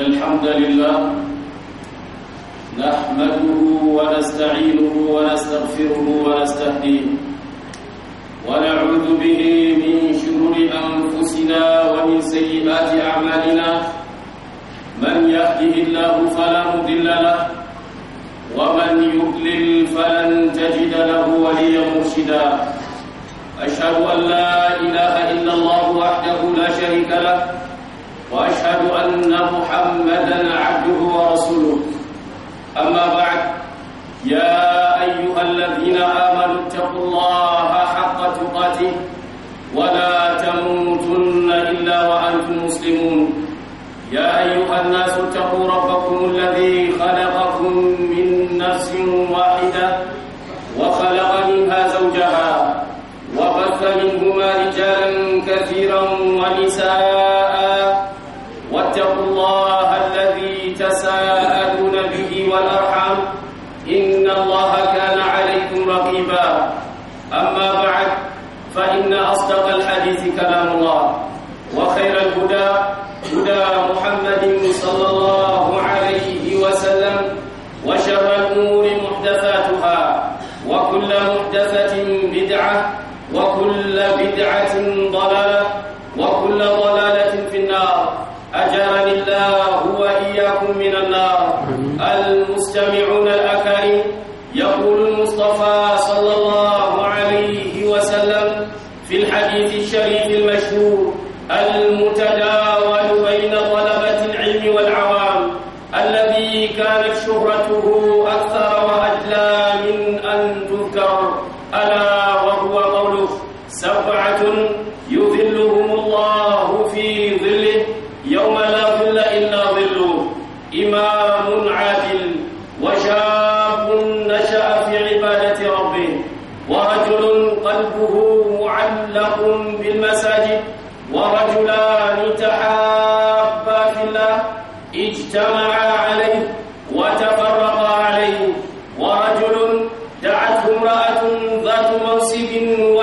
الحمد لله نحمده ونستعينه ونستغفره ونستهديه ونعوذ به من شرور أنفسنا ومن سيئات أعمالنا من يهده الله فلا مضل له ومن يضلل فلن تجد له وليا مرشدا أشهد أن لا إله إلا الله وحده لا شريك له وأشهد أن محمدا عبده ورسوله أما بعد يا أيها الذين آمنوا اتقوا الله حق تقاته ولا تموتن إلا وأنتم مسلمون يا أيها الناس اتقوا ربكم الذي خلقكم من نفس واحدة وخلق منها زوجها وبث منهما رجالا كثيرا ونساء كلام الله وخير الهدى هدى محمد صلى الله عليه وسلم وشر الأمور محدثاتها وكل محدثة بدعة وكل بدعة ضلالة وكل ضلالة في النار أجرني الله وإياكم من النار من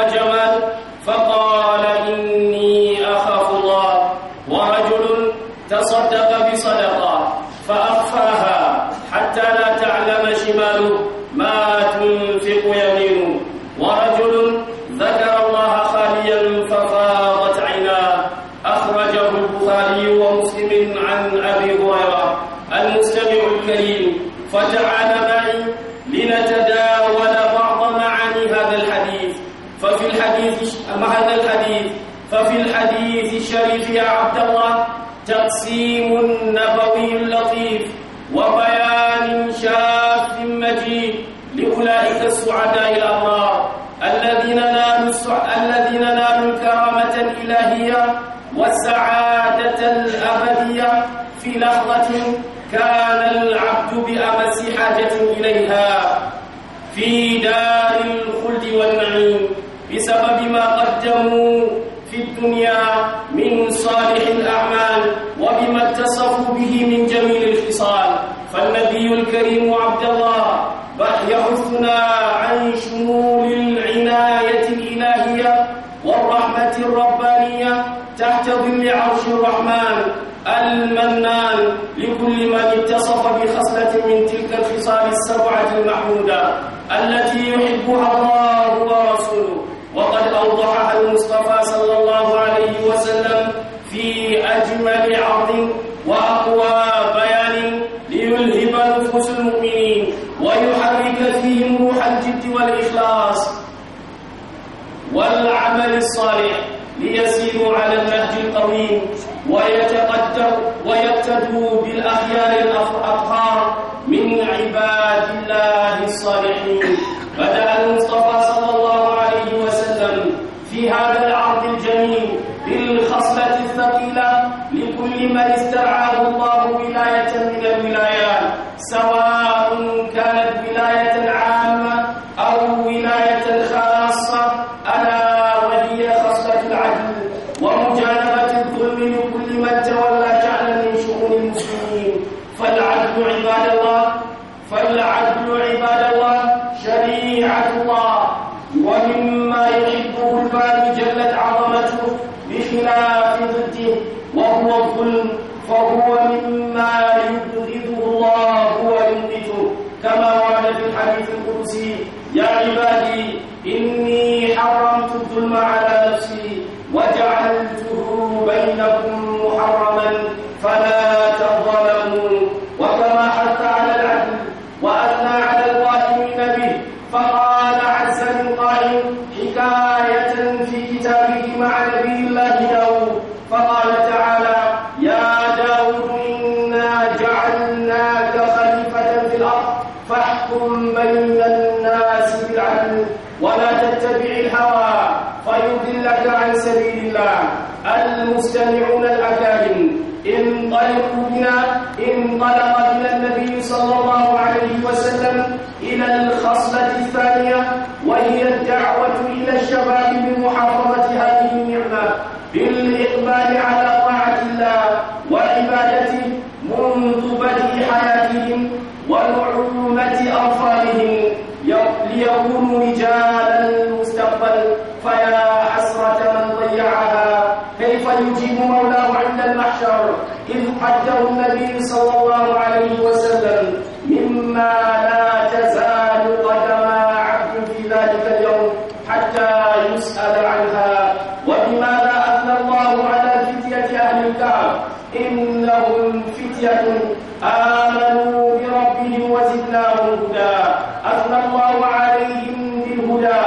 عبد الله تقسيم نبوي لطيف وبيان شاف مجيد لأولئك السعداء الأبرار الذين نالوا الذين نالوا الكرامة الإلهية والسعادة الأبدية في لحظة كان العبد بأمس حاجة إليها في دار الخلد والنعيم بسبب ما قدموا الدنيا من صالح الأعمال وبما اتصفوا به من جميل الخصال فالنبي الكريم عبد الله يحثنا عن شمول العناية الإلهية والرحمة الربانية تحت ظل عرش الرحمن المنان لكل من اتصف بخصلة من تلك الخصال السبعة المحمودة التي يحبها الله ورسوله أوضحها المصطفى صلى الله عليه وسلم في أجمل عرض وأقوى بيان ليلهب نفوس المؤمنين ويحرك فيهم روح الجد والإخلاص والعمل الصالح ليسيروا على النهج القويم ويتقدر ويقتدوا بالأخيار الأطهار من عباد الله الصالحين بدأ المصطفى صلى هذا العرض الجميل بالخصلة الثقيلة لكل من استرعاه الله ولاية من الولايات سواء كانت ولاية نافذته وهو ظلم فهو مما يبغضه الله ويمقته كما ورد في الحديث القدسي يا عبادي إني حرمت الظلم على نفسي وجعلته بينكم محرما فلا إنهم فتية آمنوا بربهم وزدناهم هدى أثنى الله عليهم بالهدى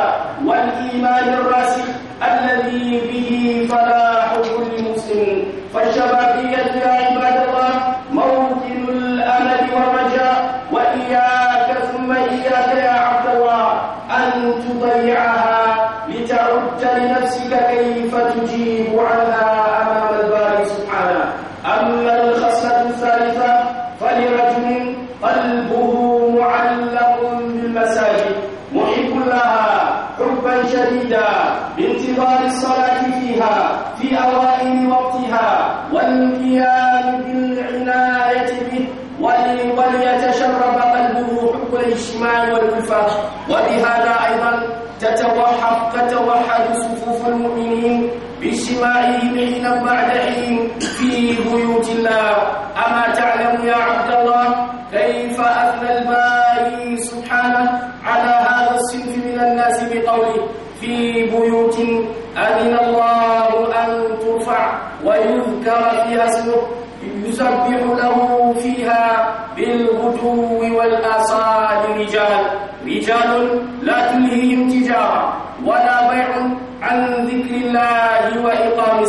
والإيمان الراسخ الذي به فلاح كل مسلم فالشبابية يا عباد الله موطن الأمل والرجاء وإياك ثم إياك يا عبد الله أن تضيعها لتعد لنفسك كيف تجيب عنها بالشمال والكفاح وبهذا أيضا تتوحد تتوحد صفوف المؤمنين بشمائهم حين بعد حين في بيوت الله أما تعلم يا عبد الله كيف أثنى الباري سبحانه على هذا الصنف من الناس بقوله في بيوت أذن الله أن ترفع ويذكر فيها اسمه يسبح له فيها بالغدو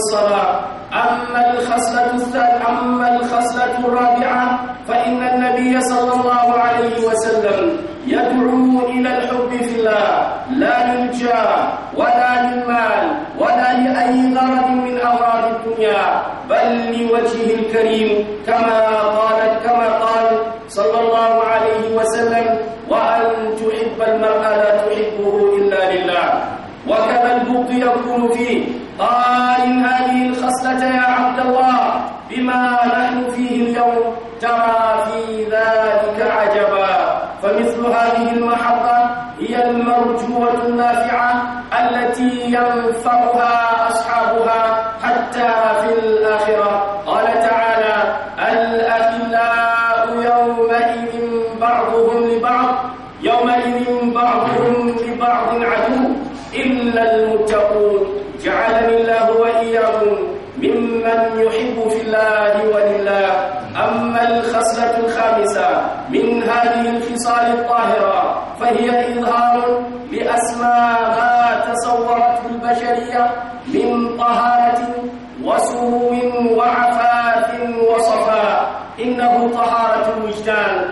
الصلاة أما الخصلة الثالثة أما الخصلة الرابعة فإن النبي صلى الله عليه وسلم يدعو إلى الحب في الله لا للجاه ولا للمال ولا لأي غرض من أغراض الدنيا بل لوجهه الكريم كما قالت كما قال صلى الله عليه وسلم وأن تحب المرأة لا تحبه إلا لله وكذا البغض يكون فيه قال من هذه الخصلة يا عبد الله بما نحن فيه اليوم ترى في ذلك عجبا فمثل هذه المحطة هي المرجوة النافعة التي ينفعها أصحابها حتى في الآخرة ممن يحب في الله ولله أما الخصلة الخامسة من هذه الخصال الطاهرة فهي إظهار لأسماء ما تصورته البشرية من طهارة وسمو وعفاف وصفاء إنه طهارة الوجدان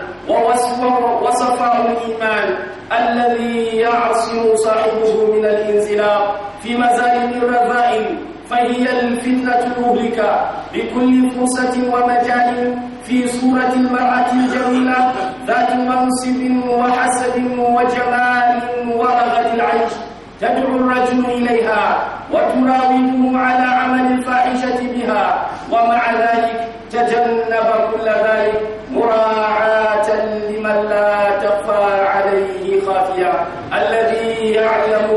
وصفاء الإيمان الذي يعصم صاحبه من الانزلاق في مزارع الرذائل فهي قلة مهلكة لكل فرصة ومجال في صورة المرأة الجميلة ذات منصب وحسب وجمال ورغد العيش تدعو الرجل إليها وتراوده على عمل الفاحشة بها ومع ذلك تجنب كل ذلك مراعاة لمن لا تخفى عليه خافية الذي يعلم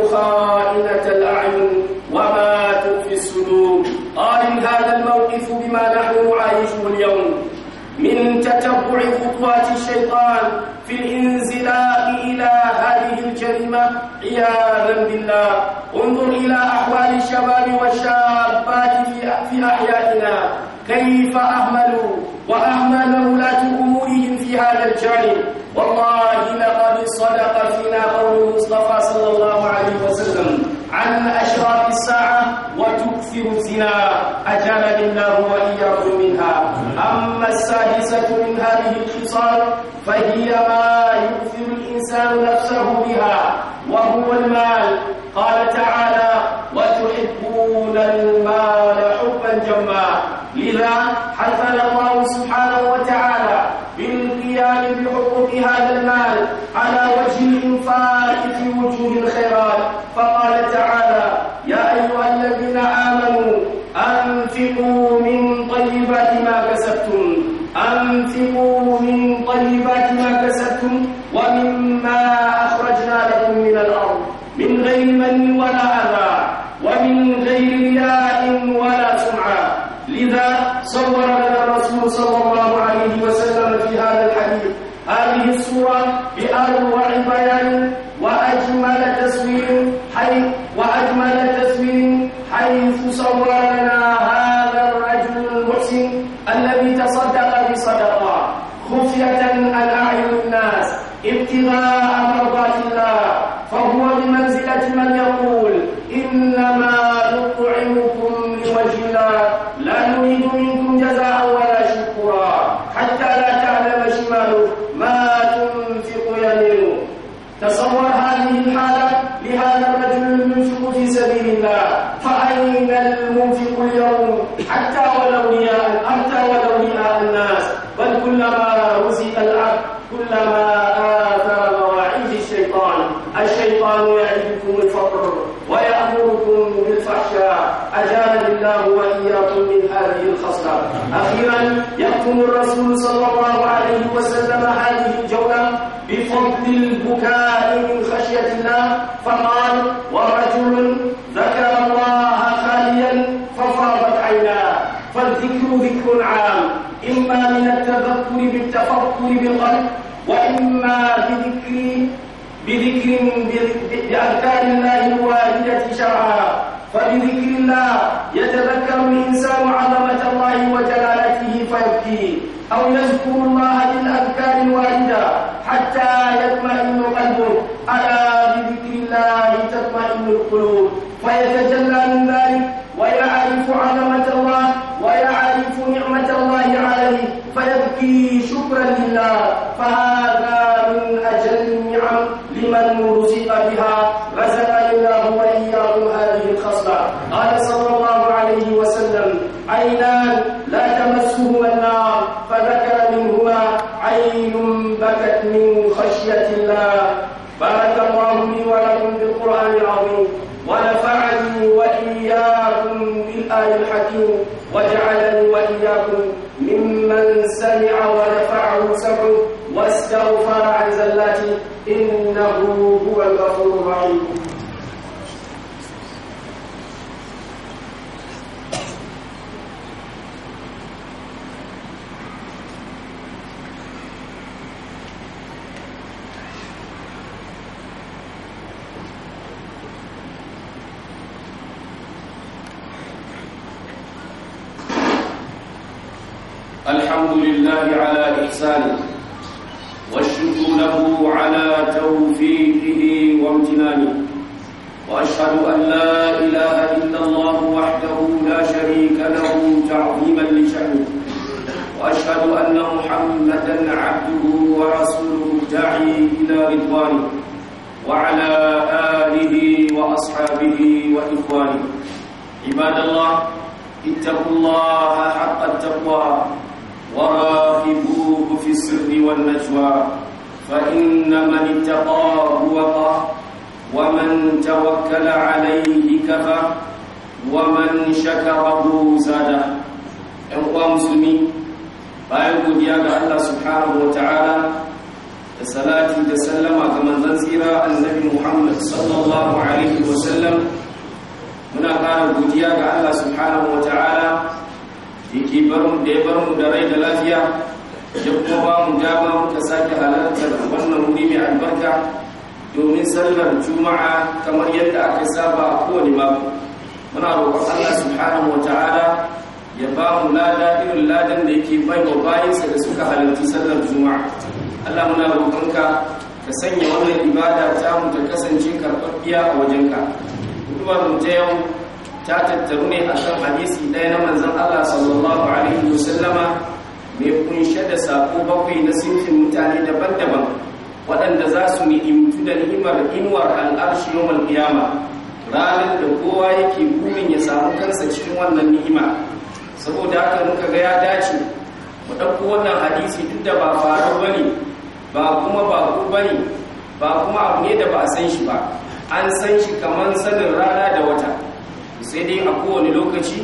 ووقوع خطوات الشيطان في الانزلاق إلى هذه الكلمة عياذا بالله انظر إلى أحوال الشباب والشابات في أحيائنا كيف أهملوا وأهمل ولاة أمورهم في هذا الجانب والله لقد صدق فينا قول المصطفى صلى الله عليه وسلم عن أشراف الساعة وتكثر الزنا أجالني الله وإياكم منها أما السادسة من هذه الخصال فهي ما يكثر الإنسان نفسه بها وهو المال قال تعالى وتحبون المال حبا جما لذا حثنا الله سبحانه وتعالى القيام بحقوق هذا المال على وجه الإنفاق في وجوه الخيرات فقال تعالى يا أيها الذين آمنوا أنفقوا من طيبات ما كسبتم أنفقوا من طيبات ما كسبتم ومما أخرجنا لكم من الأرض من غير من ولا أذى ومن غير رياء ولا سمعة لذا صور لنا الرسول صلى الله عليه وسلم بأروع بيان وأجمل تصوير حيث وأجمل تصوير حيث صور لنا هذا الرجل المحسن الذي تصدق بصدقة خفية عن أعين الناس ابتغاء تصور هذه الحالة لهذا الرجل المنفق في سبيل الله فأين المنفق اليوم حتى ولو رياء حتى ولو رياء الناس بل كلما رزق العبد كلما آثر مواعيد الشيطان الشيطان يعدكم الفقر ويأمركم بالفحشاء أجاب الله وإياكم من هذه الخصلة أخيرا يحكم الرسول صلى الله عليه وسلم هذه الجولة بفضل البكاء من خشية الله فقال ورجل ذكر الله خاليا ففاضت عيناه فالذكر ذكر عام إما من التذكر بالتفكر بالقلب وإما بذكر بذكر بأذكار الله الواردة شرعا فبذكر الله يتذكر الإنسان عظمة الله وجلالته فيبكي أو يذكر الله بالأذكار الواردة حتى يطمئن قلبه ألا بذكر الله تطمئن القلوب فيتجلى من ذلك ويعرف عظمة الله ويعرف نعمة الله عليه فيبكي شكرا لله فهذا من أجل النعم لمن رزق بها رزقني الله وإياكم هذه الخصلة قال صلى الله عليه وسلم أين واستغفر عن زلاتي إنه هو الغفور الرحيم الحمد لله على إحسانه على توفيقه وامتنانه وأشهد أن لا إله إلا الله وحده لا شريك له تعظيما لشأنه وأشهد أن محمدا عبده ورسوله الداعي إلى رضوانه وعلى آله وأصحابه وإخوانه عباد الله اتقوا الله حق التقوى وراقبوه في السر والنجوى فإن من اتقاه وقاه ومن توكل عليه كفى ومن شكره زاده ‘yan uwa musulmi bayan godiya ga Allah subhanahu wa ta'ala da salati da sallama ga manzan tsira annabi Muhammad sallallahu alaihi wa sallam muna ƙara godiya ga Allah subhanahu wa ta'ala da ya bar mu da rai da lafiya ya kuma ba mu dama muka sake halartar wannan wuri mai albarka domin sallar juma'a kamar yadda aka saba a kowane mako muna roƙon Allah subhanahu wa ta'ala ya ba mu lada irin ladan da yake bai wa bayansa da suka halarci sallar juma'a Allah muna roƙonka ka sanya wannan ibada ta mu ta kasance karɓaɓɓiya a wajenka ka mu ta yau ta tattaru ne a kan hadisi ɗaya na manzon Allah sallallahu alaihi wasallama mai kunshe da sako bakwai na sinfin mutane daban-daban waɗanda za su ni'imtu da ni'imar inuwar al'arshi yawmal qiyama ranar da kowa yake burin ya samu kansa cikin wannan ni'ima saboda haka muka ga ya dace mu ɗauko wannan hadisi duk da ba faru ba ne, ba kuma ba ku ne ba kuma abu ne da ba a san shi ba an san shi kamar sanin rana da wata sai dai a kowane lokaci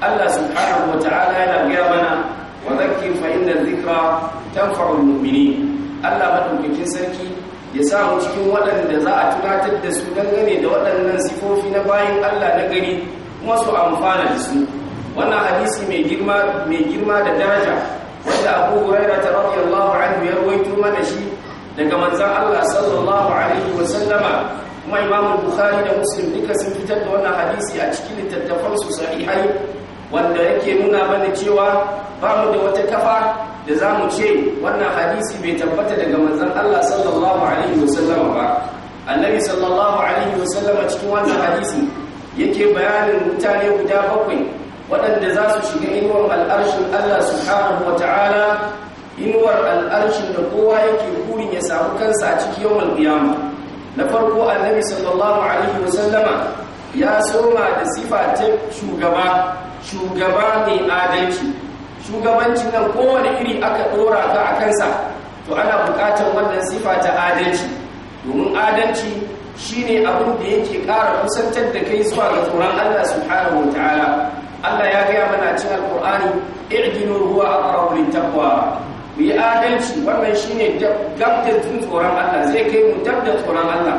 Allah subhanahu wa ta'ala yana gaya mana وذكر فإن الذكرى تنفع المؤمنين Allah madaukakin sarki ya samu cikin waɗanda za a tunatar da su dangane da waɗannan sifofi na bayan Allah na gari kuma su amfana da su wannan hadisi mai girma mai girma da daraja wanda Abu Hurairah radiyallahu anhu ya rawaito mana shi daga manzon Allah sallallahu alaihi wa sallama kuma Imam Bukhari da Muslim duka sun fitar da wannan hadisi a cikin littattafan su sahihai wanda yake nuna mana cewa ba mu da wata kafa da za mu ce wannan hadisi bai tabbata daga manzan Allah sallallahu alaihi wasallam ba annabi sallallahu alaihi wasallam cikin wannan hadisi yake bayanin mutane guda bakwai waɗanda za su shiga inuwar al'arshin Allah subhanahu wa ta'ala inuwar al'arshin da kowa yake kurin ya samu kansa a cikin yawan qiyama na farko annabi sallallahu alaihi wasallama ya soma da sifa shugaba shugaba mai adalci shugabancin nan kowane iri aka dora ka a kansa to ana bukatar wannan sifa ta adalci domin adalci shine abin da yake kara kusantar da kai zuwa ga tsoron Allah subhanahu Allah ya gaya mana cikin alƙur'ani ruwa, huwa aqrabu littaqwa mu yi adalci wannan shine gab tsoron Allah zai kai mu dabda tsoron Allah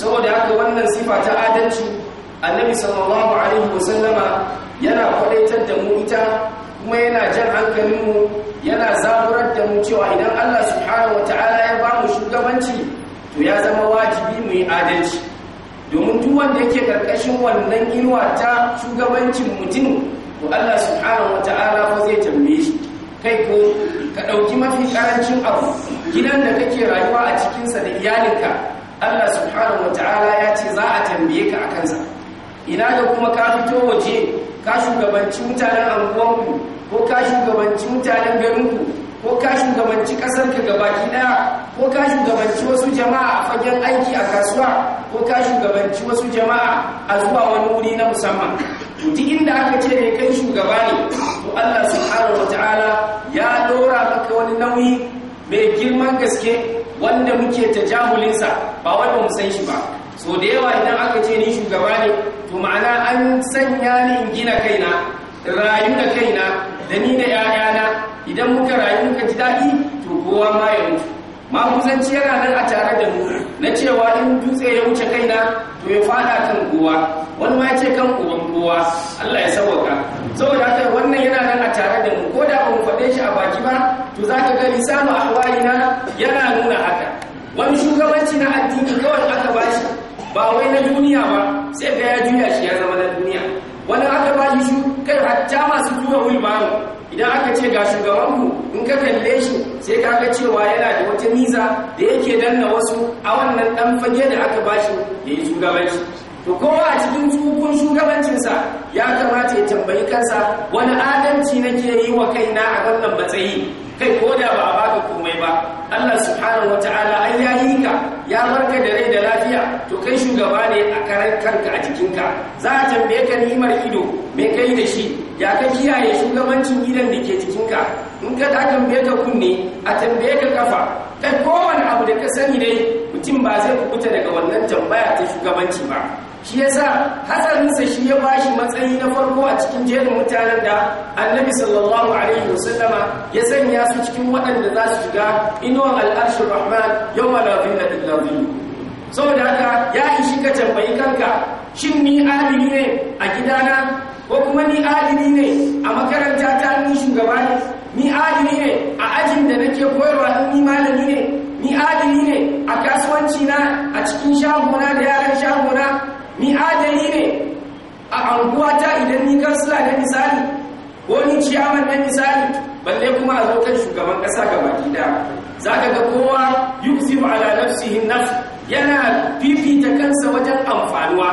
saboda haka wannan sifa ta adalci annabi sallallahu alaihi wasallama yana kwadaitar da mu ita kuma yana jan hankalinmu yana zaburar da mu cewa idan Allah subhanahu Ta'ala ya ba mu shugabanci to ya zama wajibi mu yi adalci domin duk wanda yake karkashin wannan inuwa ta shugabancin mutum to Allah subhanahu Ta'ala fa zai tambaye shi kai ko ka ɗauki mafi ƙarancin abu gidan da kake rayuwa a cikinsa da iyalinka Allah subhanahu Ta'ala ya ce za a tambaye ka a kansa ina da kuma ka fito waje ka shugabanci mutanen anguwanku ko ka shugabanci mutanen garinku ko ka shugabanci ƙasarka gabaki ɗaya ko ka shugabanci wasu jama'a a fagen aiki a kasuwa ko ka shugabanci wasu jama'a a zuwa wani wuri na musamman duk inda aka ce ne kai shugaba ne to Allah subhanahu wata'ala ya dora maka wani nauyi mai girman gaske wanda muke tajahulinsa ba wanda mu san shi ba so da yawa idan aka ce ni shugaba ne to ma'ana an sanya ni in gina kaina rayu da kaina da ni da 'ya'yana idan muka rayu muka ji daɗi to kowa ma ya mutu ma kusanci yana nan a tare da mu na cewa in dutse ya wuce kaina to ya fada kan kowa wani ma ya ce kan uban kowa Allah ya sauwaka saboda haka wannan yana nan a tare da mu ko da ban faɗe shi a baki ba to za ka ga lisanu ahwalina yana nuna haka wani shugabanci na addini kawai aka bashi ba wai na duniya ba sai ga ya juya shi ya zama na duniya wani aka ba shi shu kai hatta masu tura wilbaro idan aka ce ga shugabanku in ka kalle shi sai ka ga cewa yana da wata niza da yake danna wasu a wannan dan fage da aka ba shi ya yi shugabanci to kowa a cikin tsukun shugabancinsa ya kamata ya tambayi kansa wani adalci nake yi wa kaina a wannan matsayi kai ko da ba a baka komai ba Allah subhanahu wataala ai yayi ka ya farka da rai da lafiya to kai shugaba ne a karar kanka a jikinka za a tambaye ka ni'imar ido me kai da shi ya ka kiyaye shugabancin gidan da ke jikinka in ka ta tambaye ka kunne a tambaye ka kafa kai kowane abu da ka sani dai mutum ba zai kubuta daga wannan tambaya ta shugabanci ba shi yasa hatsarinsa shi ya bashi matsayi na farko a cikin jerin mutanen da annabi sallallahu alaihi wasallama ya sanya su cikin waɗanda za su shiga inuwan al'arshin rahman yau malafin da dillabi saboda haka ya ishi ka tambayi kanka shin ni adili ne a gidana ko kuma ni adili ne a makaranta ta ni shugaba ni adili ne a ajin da nake koyarwa ni malami ne ni adini ne a kasuwanci na a cikin shagona da yaran shagona ni adali ne a anguwata idan ni kansila na misali ko ni ciyaman na misali balle kuma a zo kan shugaban kasa ga daya za ka ga kowa ba ala nafsihi nafs yana fifita kansa wajen amfanuwa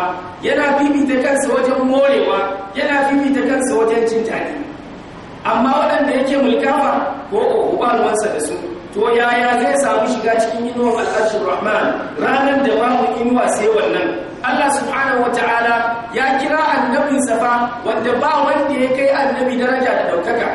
yana fifita kansa wajen morewa yana fifita kansa wajen cin daɗi amma waɗanda yake mulkawa ko ko ba ruwansa da su to yaya zai samu shiga cikin inuwar al'arshin rahman ranar da babu inuwa sai wannan Allah subhanahu ta'ala ya kira annabin safa wanda ba wanda ya kai annabi daraja da daukaka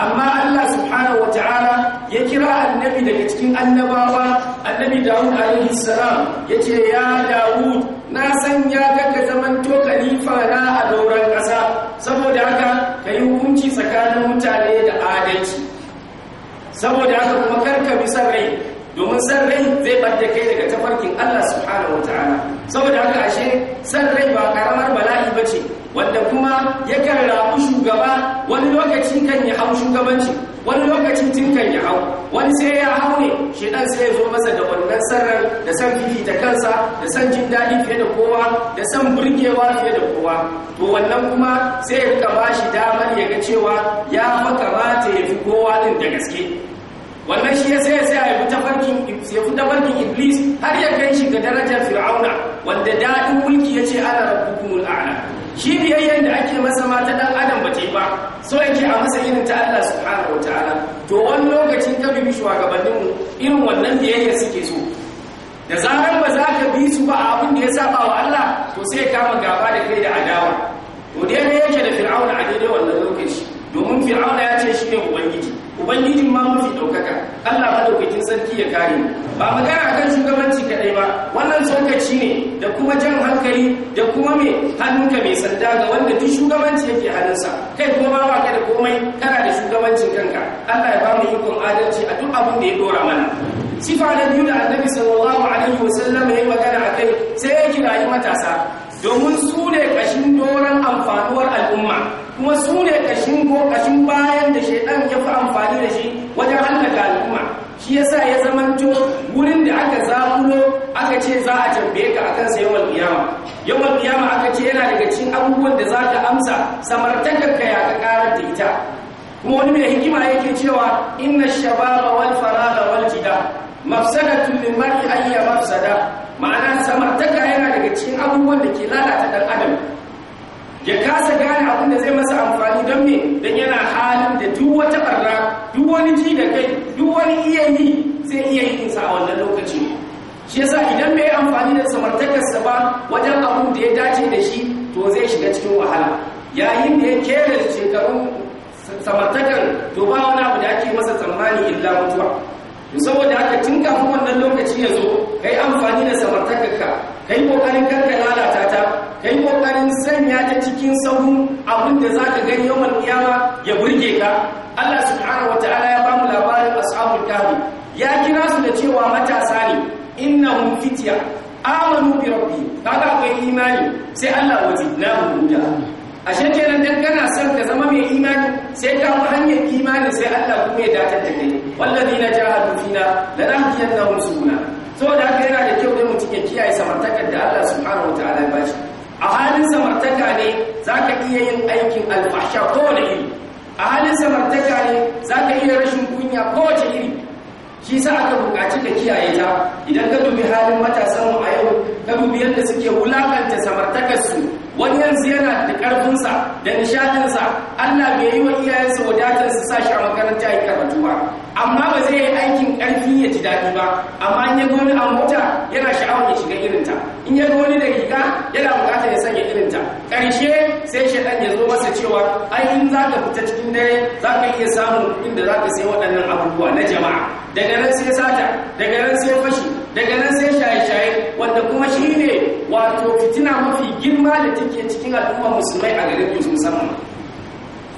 amma Allah subhanahu ta'ala ya kira annabi daga cikin annabawa annabi Dawud alaihi salam ce ya Dawud na ya ya zaman zamanto khalifa na a dauran kasa saboda haka ka yi hukunci tsakanin mutane da adalci saboda haka kuma karka bi san rai domin san rai zai ɓadda kai daga tafarkin Allah subhanahu wataala saboda haka ashe san rai ba karamar bala'i bace wanda kuma yakan rabu shugaba wani lokaci kan ya hau shugabanci wani lokacin tun kan ya hau wani sai ya hau ne shi dan sai ya zo masa da wannan sarrar da san ta kansa da san jin daɗi fiye da kowa da san burgewa fiye da kowa to wannan kuma sai ya rika shi damar ya ga cewa ya makamata ya fi kowa din da gaske wannan shi ya sai ya sai ya fi tafarkin iblis har ya kai shi ga darajar fir'auna wanda dadin mulki ce ana rabbukumul a'la shi biyayyen da ake masa mata ta dan adam ba ce ba so yake a masa irin ta Allah subhanahu ta'ala to wani lokacin ka bibi mu irin wannan biyayyar suke so da zarar ba za ka bi su ba abin da ya saba wa Allah to sai kama gaba da kai da adawa to dai yake da fir'auna a daidai wannan lokaci domin fir'auna ya ce shi ne ubangiji ubangijin ma mafi ɗaukaka allah madaukakin sarki ya kare ba magana kan shugabanci kaɗai ba wannan tsokaci ne da kuma jan hankali da kuma mai hannunka mai sanda ga wanda duk shugabanci yake hannunsa kai kuma ba ba kai da komai kana da shugabancin kanka allah ya ba mu ikon adalci a duk abin da ya dora mana sifa na biyu da annabi sallallahu alaihi sallam ya yi magana a kai sai ya kirayi matasa domin su ne ƙashin doron amfanuwar al'umma kuma su ne kashin ko kashin bayan da shaidan ya fi amfani da shi wajen hallaka al'umma shi yasa ya zamanto wurin da aka zakulo aka ce za a tambaye ka akan sa yawan kiyama yawan kiyama aka ce yana daga cikin abubuwan da za ka amsa samartakar ka ya ka karar da ita kuma wani mai hikima yake cewa inna shababa wal faraga wal jida mafsadatu lil mar'i ayya mafsada ma'ana samartaka yana daga cikin abubuwan da ke lalata dan adam ya kasa gane abin da zai masa amfani don me don yana halin da duk wata barna duk wani ji da kai duk wani iya yi zai iya yin sa a wannan lokaci shi yasa idan bai amfani da samartakarsa ba wajen abun da ya dace da shi to zai shiga cikin wahala yayin da ya kera shekarun samartakar to ba wani abu da ake masa tsammani illa mutuwa saboda haka tun kafin wannan lokaci ya zo kai amfani da ka. ka yi ƙoƙarin karka lalata ta ka yi ƙoƙarin sanya ta cikin sahun abin da za ka gani yawan kiyama ya burge ka Allah subhanahu wa ta'ala ya bamu labarin ashabul kahfi ya kira su da cewa matasa ne innahum fitya amanu bi rabbi kaga akwai imani sai Allah wajidnahu huda ashe kenan dan kana son ka zama mai imani sai ka hanyar imani sai Allah kuma ya datar da kai walladina jahadu fina lanahdiyannahum subulana da haka yana da kyau ne mutum ya kiyaye samartakar da Allah subhanahu wa ta'ala ba shi a halin samartaka ne zaka iya yin aikin alfahsha da iri a halin samartaka ne zaka iya rashin kunya ko kowace iri shi sa aka buƙaci ka kiyaye ta idan ka dubi halin matasan mu a yau ka dubi yadda suke wulakanta samartakarsu wani yanzu yana da karfin sa da nishaɗinsa Allah bai yi wa iyayensa wadatar su sa shi a makaranta ya karatu ba amma ba zai yi aikin ƙarfi ya ji daɗi ba amma in ya ga wani a mota yana sha'awar ya shiga irinta in ya ga wani da riga yana buƙatar ya sanya irinta ƙarshe sai shaɗan ya zo masa cewa ai in za ka fita cikin dare za ka iya samun kuɗin da za ka sai waɗannan abubuwa na jama'a daga nan sai sata daga nan sai fashi daga nan sai shaye-shaye wanda kuma shi ne wato fitina mafi girma da take cikin al'ummar musulmai a garin musamman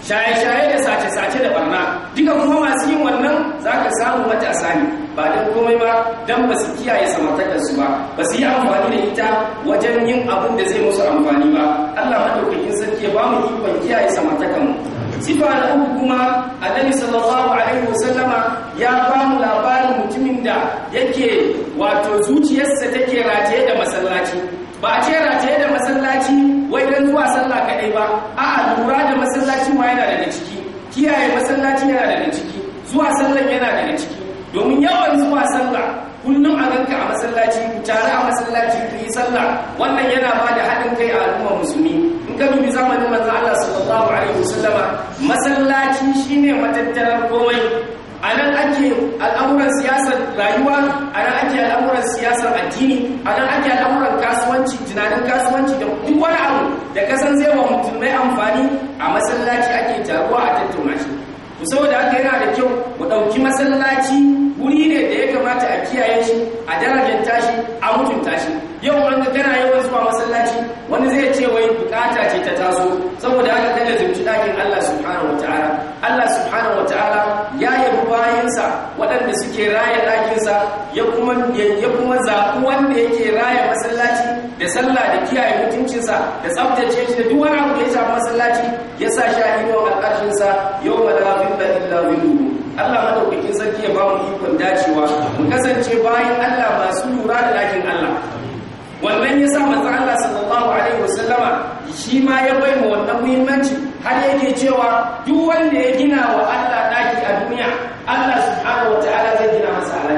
shaye-shaye da sace-sace da barna duka kuma masu yin wannan za ka samu matasa Sani, ba don komai ba don ba su kiyaye samartakarsu ba ba su yi amfani da ita wajen yin abin da zai musu amfani ba allah maɗaukakin sarki ba mu ikon kiyaye samartakarmu sifa na uku kuma annabi sallallahu alaihi wasallama ya ba mu labarin mutumin da yake wato zuciyarsa take rataye da masallaci ba a ce rataye da masallaci wai don zuwa sallah kaɗai ba a'a lura da masallaci ma yana daga ciki kiyaye masallaci yana daga ciki zuwa sallah yana daga ciki domin yawan zuwa sallah kullum a ganka a masallaci tare a masallaci ku yi sallah wannan yana ba da haɗin kai a al'umma musulmi in ka dubi zamanin manzo Allah sallallahu alaihi wasallama masallaci shine matattarar komai a nan ake al'amuran siyasar rayuwa a nan ake al'amuran siyasar addini a nan ake al'amuran kasuwanci tunanin kasuwanci da duk wani abu da kasan zai wa mai amfani a masallaci ake taruwa a tattauna shi to saboda haka yana da kyau mu ɗauki masallaci wuri ne da ya kamata a kiyaye shi a darajanta shi a mutunta shi yau an ga kana yawan zuwa masallaci wani zai ce wai bukata ce ta taso saboda haka kada zuci ɗakin Allah subhanahu wataala Allah subhanahu wataala waɗanda suke raya ɗakinsa ya kuma ya kuma zaɓi wanda yake raya masallaci da sallah da kiyaye mutuncinsa da tsaftace shi da duk wani abu da ya shafi masallaci ya sa shi a inuwar alƙarshinsa yau ma la da illa zilluhu Allah madaukakin sarki ya ba mu ikon dacewa mu kasance bayan Allah masu lura da ɗakin Allah wannan ya sa manzo Allah sallallahu alaihi wasallama shi ma ya bai ma wannan muhimmanci har yake cewa duk wanda ya gina wa Allah daki a duniya Allah subhanahu wa ta'ala zai gina masa ka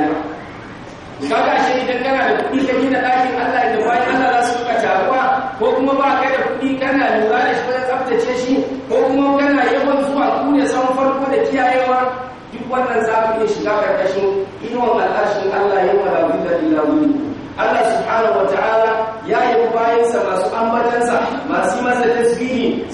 kaga shi idan kana da kuɗi ka gina ɗakin Allah ya dafa Allah za su buka taruwa ko kuma ba ka da kuɗi kana lura da shi wajen tsaftace shi ko kuma kana yawan zuwa ku ne farko da kiyayewa duk wannan za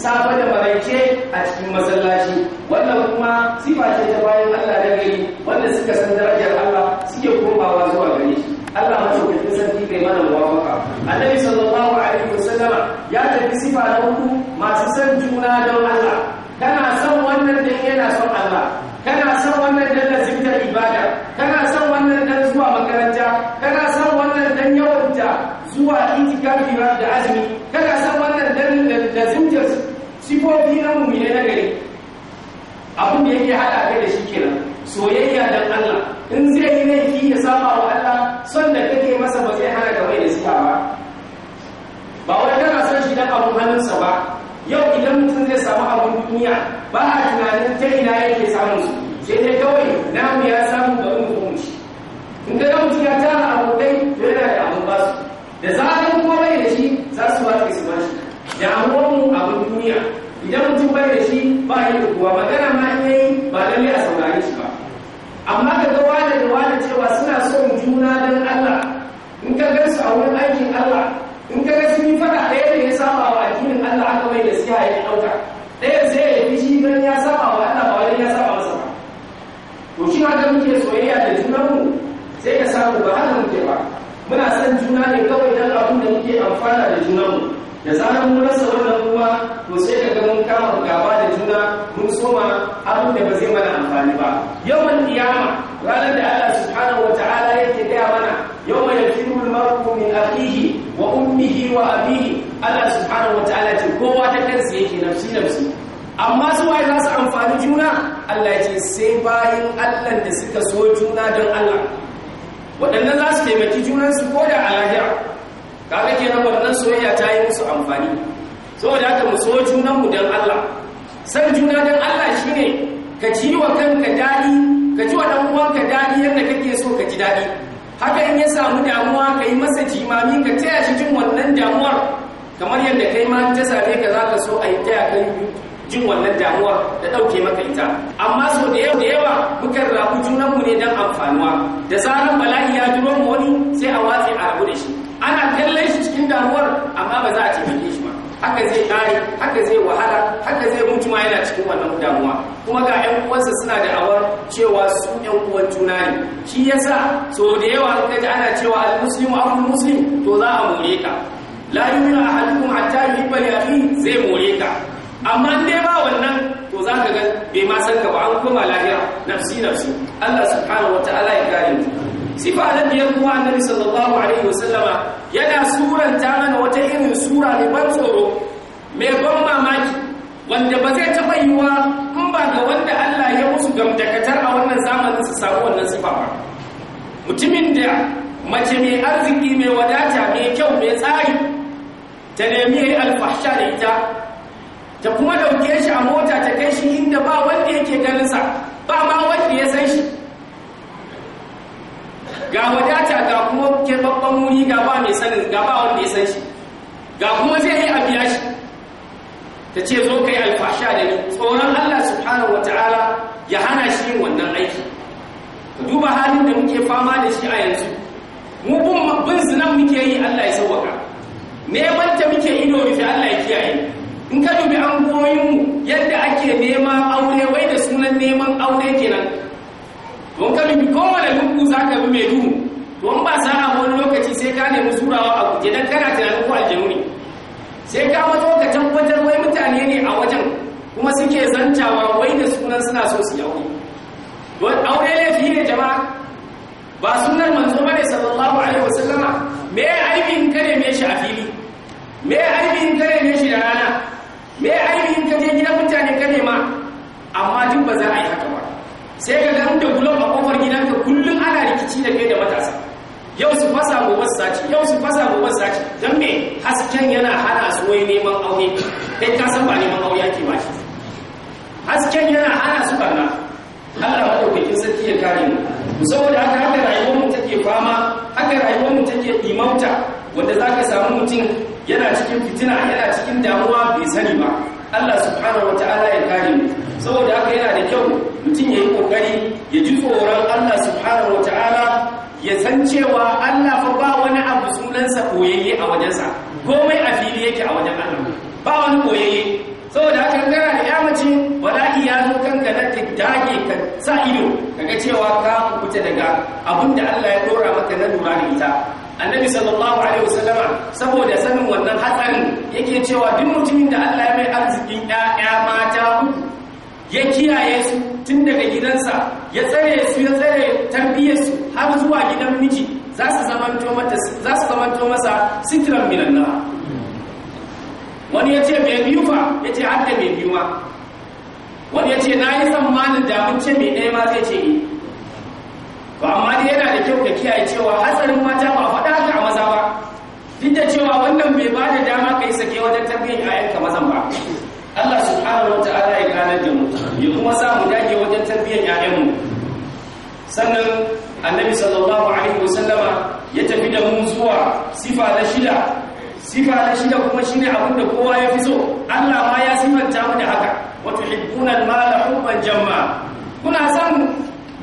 safe da maraice a cikin masallaci wannan kuma sifa ce ta bayan Allah da gari wanda suka san darajar Allah suke komawa zuwa gare shi Allah madaukakin sarki kai mana wawaka annabi sallallahu alaihi wasallama ya tafi sifa na uku masu san juna don Allah kana san wannan da yana son Allah kana san wannan dan lazimtar ibada kana san wannan da zuwa makaranta kana san wannan dan yawanta zuwa itikafi da azumi halin mu ne na abin da yake hada kai da shi kenan soyayya dan Allah in zai yi laifi ya saba wa Allah son da kake masa ba zai hana ka mai da siya ba ba wai kana son shi dan abun hannunsa ba yau idan mutum zai samu abun duniya ba a tunanin ta ina yake samun su sai dai kawai namu ya samu ba mu shi in ga mutum ya tara abokai to yana da abun su, da zaran komai da shi za su ba su shi da mu abun duniya idan mutum kuma da shi ba yi da kuwa magana ma in yayi ba lalle a saurare shi ba amma ka ga wani da wani cewa suna son juna don Allah in ka ga su a wurin aikin Allah in ka ga sun yi fada ɗaya ne ya saba wa addinin Allah aka bai gaskiya ya ɗauka ɗaya sai ya yi shi dan ya saba wa Allah ba wani ya saba masa ba to shi haka muke soyayya da junanmu sai ka samu ba haka muke ba muna son juna ne kawai dan abin da muke amfana da junanmu da zarar mun rasa wannan kuma to sai ka ga mun kama gaba da juna mun soma abin da ba zai mana amfani ba Yau yawan kiyama ranar da Allah subhanahu wataala yake gaya mana yau mai al-mar'u min akhihi wa ummihi wa abihi Allah subhanahu wataala ce kowa ta kansa yake nafsi nafsi amma su waye za su amfani juna Allah ce sai bayan Allah da suka so juna don Allah waɗannan za su taimaki junansu ko da a kaga na wannan soyayya ta yi musu amfani saboda haka mu so junan mu dan Allah san juna dan Allah shine ka ji wa kanka dadi ka ji wa dan uwanka dadi yadda kake so ka ji dadi haka in ya samu damuwa ka yi masa jimami ka taya shi jin wannan damuwar kamar yadda kai ma ta same ka zaka so a yi taya kai jin wannan damuwar da ɗauke maka ita amma so da yau da yawa mukan rabu junanmu ne dan amfanuwa da zarar bala'i ya duro mu wani sai a watsi a rabu da shi ana kallon shi cikin damuwar amma ba za a taimake shi ba haka zai kare haka zai wahala haka zai mutu ma yana cikin wannan damuwa kuma ga yan uwansa suna da awar cewa su yan uwan juna ne shi yasa so da yawa ka ji ana cewa al-muslimu abu muslim to za a more ka la yu'minu ahadukum hatta yuhibba li akhihi zai more ka amma dai ba wannan to za ka ga bai ma san ka ba an kuma lahira nafsi nafsi Allah subhanahu ta'ala ya kare mu sifa na biyar kuma annabi sallallahu alaihi wasallama yana suranta mana wata irin sura ne ban tsoro mai ban mamaki wanda ba zai taɓa yiwa in ba ga wanda Allah ya musu gamdakatar a wannan zamanin su samu wannan sifa ba mutumin da mace mai arziki mai wadata mai kyau mai tsari ta nemi ya yi alfahsha da ita ta kuma dauke shi a mota ta kai shi inda ba wanda yake ganin sa ba ma wanda ya san shi ga wadata ga kuma ke babban wuri ga ba mai sanin ga ba wanda ya san shi ga kuma zai yi abiya shi ta ce zo kai alfasha da ni tsoron Allah subhanahu wataala ya hana shi yin wannan aiki ka duba halin da muke fama da shi a yanzu mu bin zinan muke yi Allah ya sauwaka neman ta muke ido rufe Allah ya kiyaye in ka dubi an mu yadda ake neman aure wai da sunan neman aure kenan don ka bi kowane lungu za ka bi mai duhu don ba sa'a wani lokaci sai ka nemi surawa a guje don kana tunanin ko aljanu ne sai ka wato ka wajen wai mutane ne a wajen kuma suke zantawa wai da sunan suna so su yawo don aure laifi ne jama'a ba sunan manzo ne sallallahu alaihi sallama? me in kare me shi a fili me in kare me shi da rana me aibin kaje gidan mutane ka ma amma duk ba za a yi haka ba sai ka ganin da gulon a kofar gidanka kullum ana rikici da kai da matasa yau su fasa gobe saci yau su fasa gobe saci dan me hasken yana hana su wai neman aure kai ka san ba neman aure yake ba shi hasken yana hana su barna Allah madaukakin sarki ya kare mu saboda haka haka rayuwar mu take fama haka rayuwar mu take imauta wanda zaka samu mutum yana cikin fitina yana cikin damuwa bai sani ba Allah subhanahu wataala ya kare mu saboda haka yana da kyau mutum ya yi ƙoƙari ya ji tsoron Allah subhanahu wa ta'ala ya san cewa Allah fa ba wani abu sunansa koyayye a wajensa komai a fili yake a wajen Allah ba wani koyayye saboda haka kana da yamaci wallahi ya zo kanka na dage ka sa ido kaga cewa ka kuce daga Abunda Allah ya dora maka na lura da ita annabi sallallahu alaihi wasallama saboda sanin wannan hatsarin yake cewa duk mutumin da Allah ya mai arzikin ɗaya mata ya kiyaye su tun daga gidansa ya tsare su ya tsare tarbiyyar su har zuwa gidan miji za su zamanto masa sitran minan nar wani ya ce mai biyu fa ya ce har da mai biyu ma wani ya ce na yi tsammanin da mun ce mai ɗaya ma zai ce Ba amma dai yana da kyau ka kiyaye cewa hatsarin mata ba faɗa ka a maza ba duk da cewa wannan bai ba da dama ka yi sake wajen tarbiyyar 'ya'yanka mazan ba Allah subhanahu wata'ala ya gane da mu ya kuma sa mu dage wajen tarbiyyar mu sannan annabi sallallahu alaihi wasallama ya tafi da mu zuwa sifa na shida sifa na shida kuma shine abin da kowa ya fi so Allah ma ya sifanta mu da haka wa tuhibbuna al-mala hubban jamma kuna son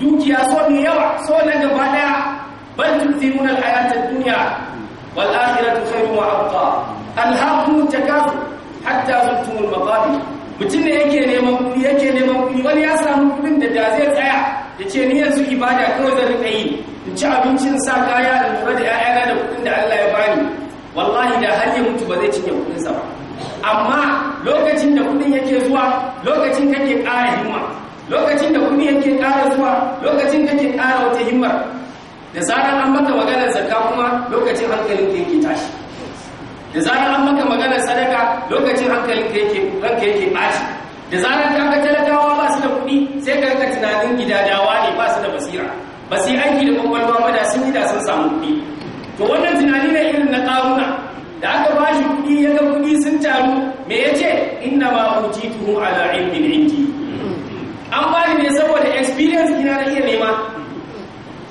dukiya so ne yawa so na gaba daya bal tuthiruna al-hayata ad-dunya wal akhiratu khayrun wa abqa al hatta zuntumul maqabi mutum ne yake neman kudi yake neman kudi wani ya samu kuɗin da da zai tsaya ya ce ni yanzu ibada kawai zan rika yi in ci abincin sa kaya in lura da 'ya'yana da kuɗin da Allah ya bani wallahi da har ya mutu ba zai cinye kuɗin sa ba amma lokacin da kuɗin yake zuwa lokacin kake ƙara himma lokacin da kuɗi yake ƙara zuwa lokacin kake ƙara wata himmar da zarar an baka maganar zakka kuma lokacin hankalin yake tashi da zarar an maka maganar sadaka lokacin hankali ka yake ranka yake baci da zarar ka ga talakawa ba su da kuɗi sai ka ga tunanin gidadawa ne ba su da basira ba su yi aiki da kwakwalwa ba da sun yi da sun samu kuɗi to wannan tunani ne irin na ƙaruna da aka ba shi kuɗi ya ga kuɗi sun taru me ya ce inna ma utituhu ala ilmin indi an ba ne saboda experience gina da iya nema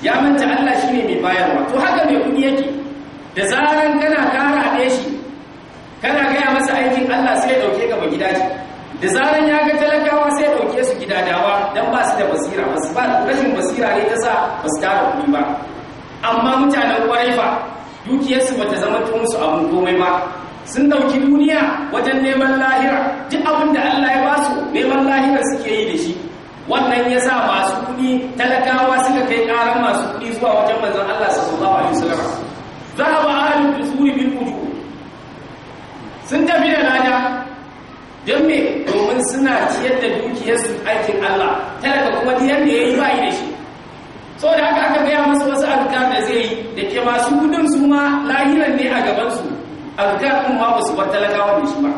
ya manta Allah shine mai bayarwa to haka mai kuɗi yake da zaran kana kara haɗe shi kana gaya masa aikin Allah sai ya ɗauke gaba gida ce da zaran ya ga talakawa sai ya ɗauke su gidadawa don ba su da basira ba rashin basira ne ta sa ba su tara kuɗi ba amma mutanen ƙwarai ba, dukiyarsu ba ta zama ta musu abin komai ba sun ɗauki duniya wajen neman lahira duk abin da Allah ya basu neman lahira suke yi da shi wannan ya sa masu kuɗi talakawa suka kai ƙarar masu kuɗi zuwa wajen manzon Allah sallallahu alaihi wasallam ahli أهل bil wujuh sun tafi da naja don me domin suna ciyar da dukiyarsu aikin Allah talaka kuma diyar da ya yi bayi da shi so da haka aka gaya masu wasu alƙar da zai yi da ke masu gudun su ma lahiran ne a gabansu alƙar ɗin ma ba su bar talakawa da shi ba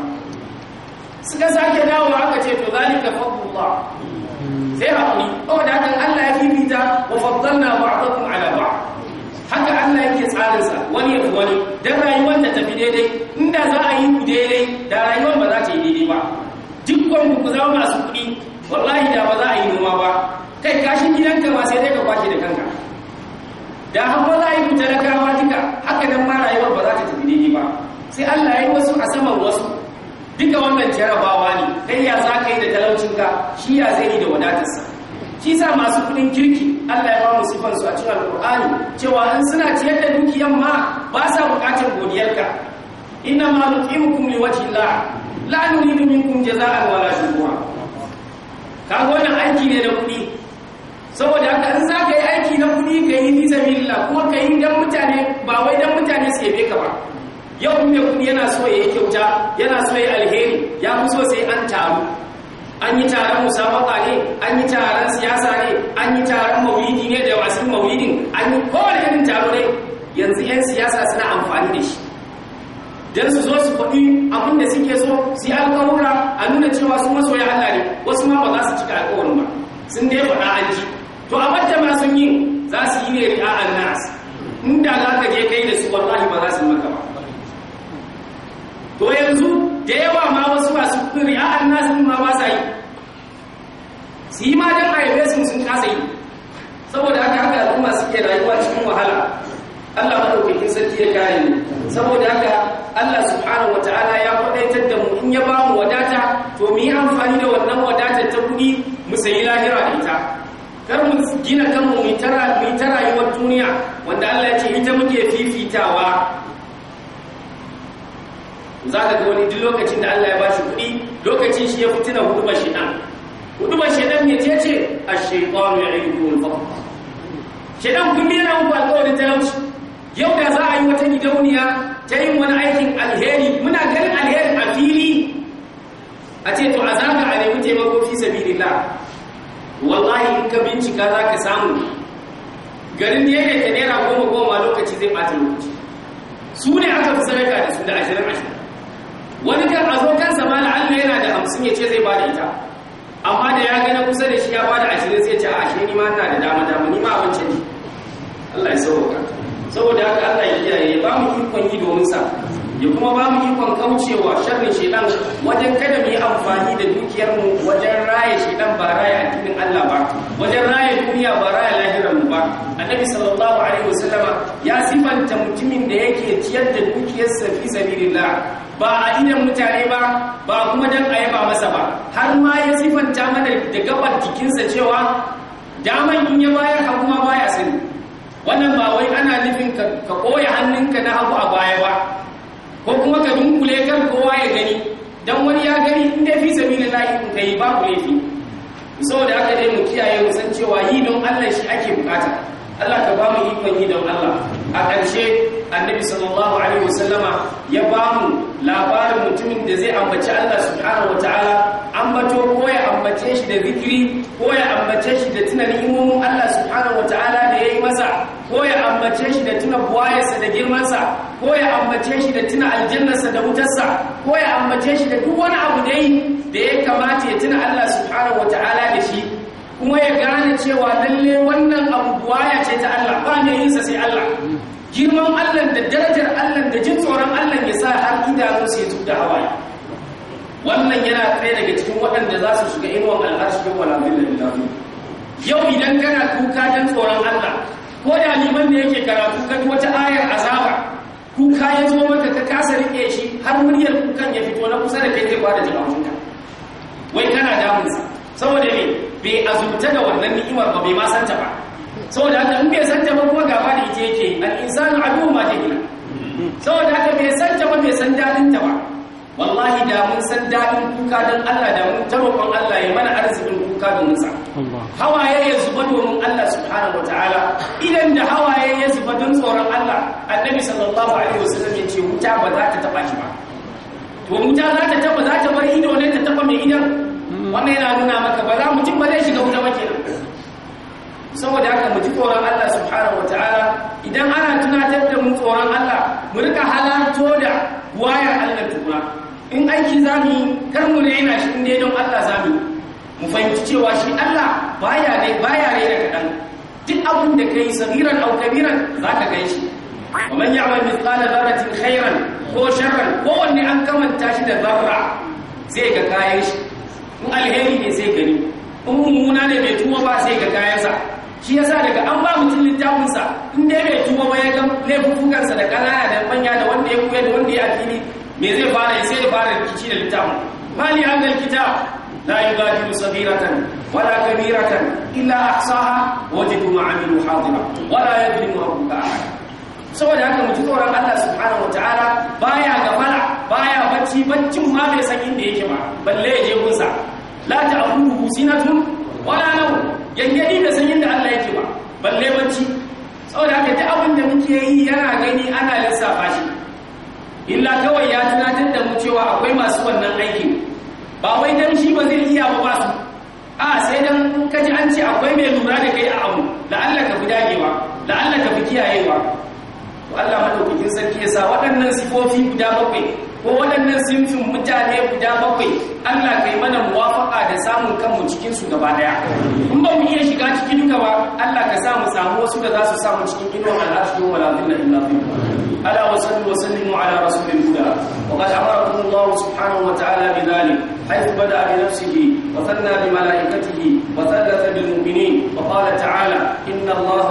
suka sake dawowa aka ce to zalika fadlullah sai haƙuri da hakan Allah ya fifita wa faddalna ba'dakum haka Allah yake tsarinsa wani yafi wani don rayuwar ta tafi daidai inda za a yi ku daidai da rayuwar ba za ta yi daidai ba dukkan ku zama masu kuɗi wallahi da ba za a yi noma ba kai kashin gidanka ba sai dai ka kwashe da kanka da har ba za a yi ku talakawa duka haka nan ma rayuwar ba za ta tafi daidai ba sai Allah ya yi wasu a saman wasu duka wannan jarabawa ne kai ya za ka yi da talaucinka shi ya zai yi da wadatarsa shi sa masu kudin kirki Allah ya ba mu sifan su a cikin alqur'ani cewa an suna ciyar da dukiyan ma ba sa bukatar godiyarka inna ma nuqimukum liwajhi Allah la nuridu minkum jazaa'an wala shukura kaga wannan aiki ne da kudi saboda haka in za ka yi aiki na kudi ka yi fi sabilillah kuma ka yi dan mutane ba wai dan mutane su yabe ka ba yau mai kudi yana so ya yi kyauta yana so ya yi alheri ya fi so sai an taru an yi taron musabaka ne an yi taron siyasa ne an yi taron maulidi ne da wasu maulidin an yi kowane irin taro ne yanzu 'yan siyasa suna amfani da shi don su zo su faɗi abin da suke so su yi alkawura a nuna cewa su masoya Allah ne wasu ma ba za su cika alkawar ba sun dai faɗa an ji to a wadda ma sun yi za su yi ne ri'a an nas inda za ka je kai da su wallahi ba za su maka ba to yanzu da yawa ma wasu masu kudin an nasu ma ba sa yi su yi ma don aibe su sun kasa yi saboda haka haka al'umma suke rayuwa cikin wahala Allah madaukakin sarki ya kare mu saboda haka Allah subhanahu ta'ala ya kwadaitar da mu in ya ba mu wadata to mu yi amfani da wannan wadatar ta kuɗi, mu sayi lahira da ita kar mu gina kanmu mu yi ta rayuwar duniya wanda Allah ya ce ita muke fifitawa za ka ga wani duk lokacin da Allah ya ba shi kuɗi lokacin shi ya fitina hudu ba shi nan ne ce ce a shaitan ya yi kuma shi dan kun yana muku alƙawarin talauci yau da za a yi wata gidauniya ta yin wani aikin alheri muna ganin alheri a fili a ce to a zaga a nemi taimako fi sabilillah wallahi in ka bincika za ka samu garin da yake ta naira goma goma lokaci zai ɓata lokaci su ne aka fi sadaka da su da ashirin ashirin wani kan a zo kansa ma la'alla yana da hamsin ya ce zai ba da ita amma da ya gani kusa da shi ya ba da ashirin sai ce a shirin ma da dama dama ni ma a wancan ne Allah ya sauka saboda haka Allah ya kiyaye ba mu ikon yi domin sa ya kuma ba mu ikon kaucewa sharrin shedan wajen kada mu yi amfani da dukiyarmu wajen raya shedan ba raya addinin Allah ba wajen raya duniya ba raya lahiran mu ba annabi sallallahu alaihi wasallama ya sifanta mutumin da yake ciyar da dukiyarsa fi sabilillah ba a iya mutane ba ba kuma dan a yaba masa ba har ma ya sifanta mana da gabar jikinsa cewa daman in ya bayar hagu ma baya sani wannan ba wai ana nufin ka koya hannunka na hagu a baya ba ko kuma ka dunkule kan kowa ya gani dan wani ya gani in dai fi sabilillahi in kai babu laifi saboda haka dai mu kiyaye mu cewa yi don Allah shi ake bukata Allah ka ba mu ikon yi don Allah a ƙarshe annabi sallallahu alaihi wasallama ya ba mu labarin mutumin da zai ambaci Allah subhanahu ta'ala ambato ko ya ambace shi da zikiri ko ya ambace shi da tuna ni'imomin Allah subhanahu ta'ala da yayi masa ko ya ambace shi da tuna buwayarsa da girmansa ko ya ambace shi da tuna aljannarsa da wutarsa ko ya ambace shi da duk wani abu da yi da ya kamata ya tuna Allah subhanahu ta'ala da shi kuma ya gane cewa lalle wannan abu waya ce ta Allah ba ne yinsa sai Allah girman Allah da darajar Allah da jin tsoron Allah ya sa har idanu sai duk da hawaye wannan yana kai daga cikin waɗanda za su shiga inuwan al'arshi wala billahi lafi yau idan kana kuka dan tsoron Allah ko da liman da yake karatu ka wata ayar azaba kuka ya zo maka ka kasa rike shi har muryar kukan ya fito na kusa da kai ba da jama'a wai kana damunsa saboda ne. bai azumta da wannan ni'imar ba bai ma ta ba saboda haka in bai ta ba kuma gaba da ita yake al insanu adu ma gina saboda haka bai san ta ba bai san dadin ta ba wallahi da mun san dadin kuka dan Allah da mun ta roƙon Allah ya mana arzikin kuka domin sa hawaye ya zuba domin Allah subhanahu wataala idan da hawaye ya zuba don tsoron Allah annabi sallallahu alaihi wasallam ya ce wuta ba za ta taba shi ba to wuta za ta taba za ta bar ido ne ta taba mai idan wannan yana nuna maka ba za ji ba zai shiga wuta ba kenan saboda haka mu ji tsoron Allah subhanahu ta'ala idan ana tunatar da mu tsoron Allah mu rika halarto da wayar Allah tukuna in aiki za mu kar mu raina shi inda don Allah za mu mu fahimci cewa shi Allah baya ne baya daga kaɗan duk abin da kai sabiran au kabiran za ka gan shi ومن يعمل مثقال ذرة خيرا ko sharran kowanne an kamanta shi da zarra zai ga kayan shi in alheri ne sai gani in mummuna ne bai tuba ba sai ga kayansa shi yasa daga an ba mutum littafinsa in dai bai tuba ba ya ga sa da kalaya da manya da wanda ya kuya da wanda ya addini me zai fara sai ya fara rikici da littafin mali an dal kitab la yugadiru sabiratan wala kabiratan illa ahsaha wajidu ma'amilu hadira wala yadlimu rabbuka ahada saboda haka mutum tsoron Allah subhanahu wataala baya gafara baya bacci baccin ma bai san inda yake ba balle ya je gunsa la ta'khudhuhu sinatun wala nawm yayyadi da san yadda Allah yake ba balle bacci saboda haka duk abin da muke yi yana gani ana lissafa shi illa kawai ya tunatar da mu cewa akwai masu wannan aikin ba wai dan shi ba zai iya ba ba su a sai dan kaji an ce akwai mai lura da kai a abu Allah ka gudagewa la Allah ka fi kiyayewa to Allah madaukakin sarki ya sa waɗannan sifofi guda bakwai Ko waɗannan sinfin mutane guda bakwai allah kai mana muwafaka da samun kanmu cikinsu gaba daya in ba mu iya shiga cikin duka ba allah ka sa mu samu wasu da za su samu cikin ino a lafiyar malamin na ina bin ala wa sallu wa sallimu ala rasulil huda wa qad amarakum allah subhanahu wa ta'ala bi dhalik حيث بدأ بنفسه وثنى بملائكته وثلث بالمؤمنين وقال تعالى إن الله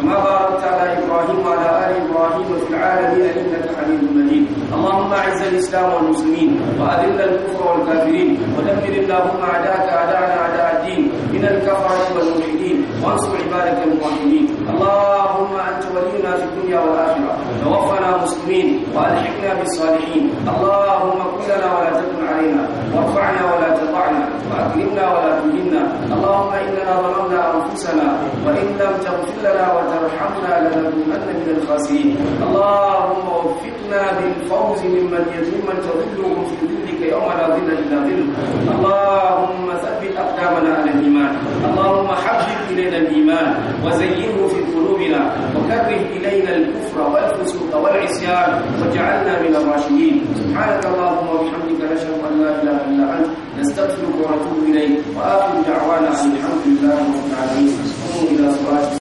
كما باركت على إبراهيم وعلى آل إبراهيم في العالمين إنك حميد مجيد اللهم أعز الإسلام والمسلمين وأذل الكفر والكافرين ودمر اللهم أعداءك أعداءنا أعداء الدين من الكفرة والملحدين وانصر عبادك الموحدين اللهم أنت ولينا في الدنيا والآخرة توفنا مسلمين وألحقنا بالصالحين اللهم كن لنا ولا تكن علينا وارفعنا ولا تطعنا وأكرمنا ولا تهنا اللهم إننا ظلمنا أنفسنا وإن لم تغفر لنا وترحمنا لنكونن من الخاسرين اللهم وفقنا بالفوز ممن يتم توفيقهم في الدنيا يوم لا ظل إلا ظله اللهم ثبت أقدامنا على الإيمان اللهم حبب إلينا الإيمان وزينه في قلوبنا وكره إلينا الكفر والفسوق والعصيان واجعلنا من الراشدين سبحانك اللهم وبحمدك نشهد أن لا إله إلا أنت نستغفرك ونتوب إليك وآخر دعوانا أن الحمد لله رب العالمين قوموا إلى صلاتكم